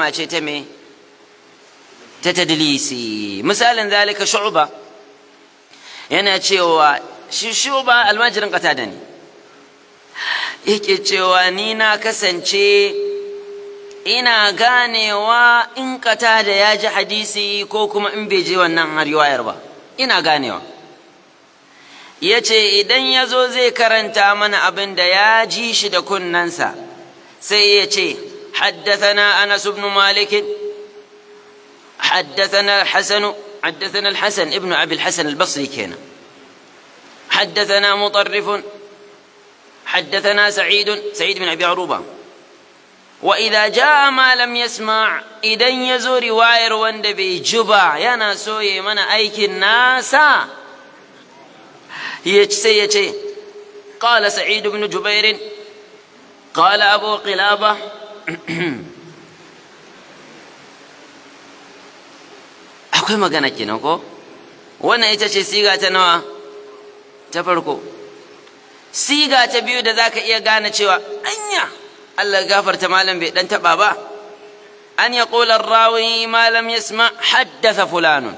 ma ce ta me ta tadlisi misalin zalika shu'ba yana cewa shi shu'ba almajirin qatada ne yake cewa ni na kasance ina ganewa in qatada ya ji hadisi ko kuma in bai je wannan riwayar ba ina ganewa ya ce idan ya zo zai karanta mana abin da ya ji shi da kunnensa sai ya ce حدثنا أنس بن مالك حدثنا الحسن حدثنا الحسن ابن أبي الحسن البصري كان حدثنا مطرف حدثنا سعيد سعيد بن أبي عروبة وإذا جاء ما لم يسمع إذا يزور واير روان جبا يا ناسوي من أيك الناس يجسي يجي قال سعيد بن جبير قال أبو قلابة akwai magana kenan ko wannan ita ce siga ta nawa ta farko siga ta biyu da zaka iya gane cewa anya Allah gafarta malam bai dan taba ba an ya qula rawi malam yasma haddatha fulanun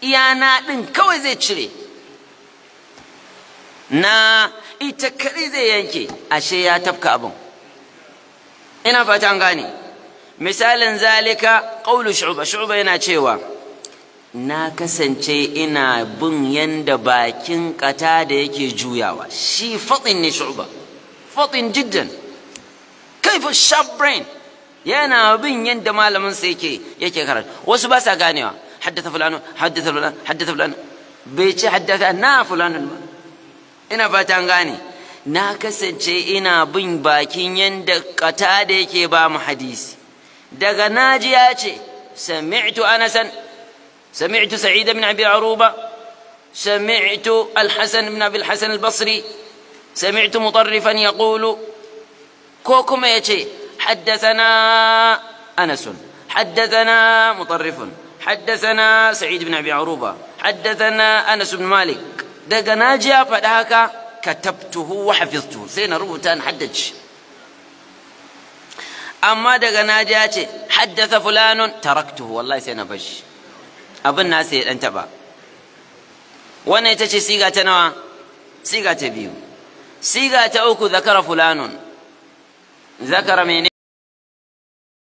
iyana din kawai zai cire na ita kare zai yanke ashe ya tafka abin ina fata an gane misalin zalika ƙaulu shu'ba shu'ba yana cewa na kasance ina bin yanda bakin kata da yake juyawa shi fatin ne shu'ba fatin jiddan kaifa sharp brain yana bin yanda malamin sa yake yake karatu wasu ba sa ganewa haddatha fulano haddatha fulano haddatha fulano bai ce haddatha na fulano ina fata an gane na kasance ina bin bakin yanda kata da yake ba mu hadisi daga naji ya ce sami'tu anasan sami'tu sa'ida ibn abi aruba سمعت الحسن بن ابي الحسن البصري سمعت مطرفا يقول كوكما يتي حدثنا انس حدثنا مطرف حدثنا سعيد بن ابي عروبه حدثنا انس بن مالك دغنا جيا كتبته وحفظته زين روتان حدج أما دقا ناجاتي حدث فلان تركته والله سينا بش أبن ناس انتبه وانا يتشي سيغة نوا سيغة بيو سيغة أوكو ذكر فلان ذكر ميني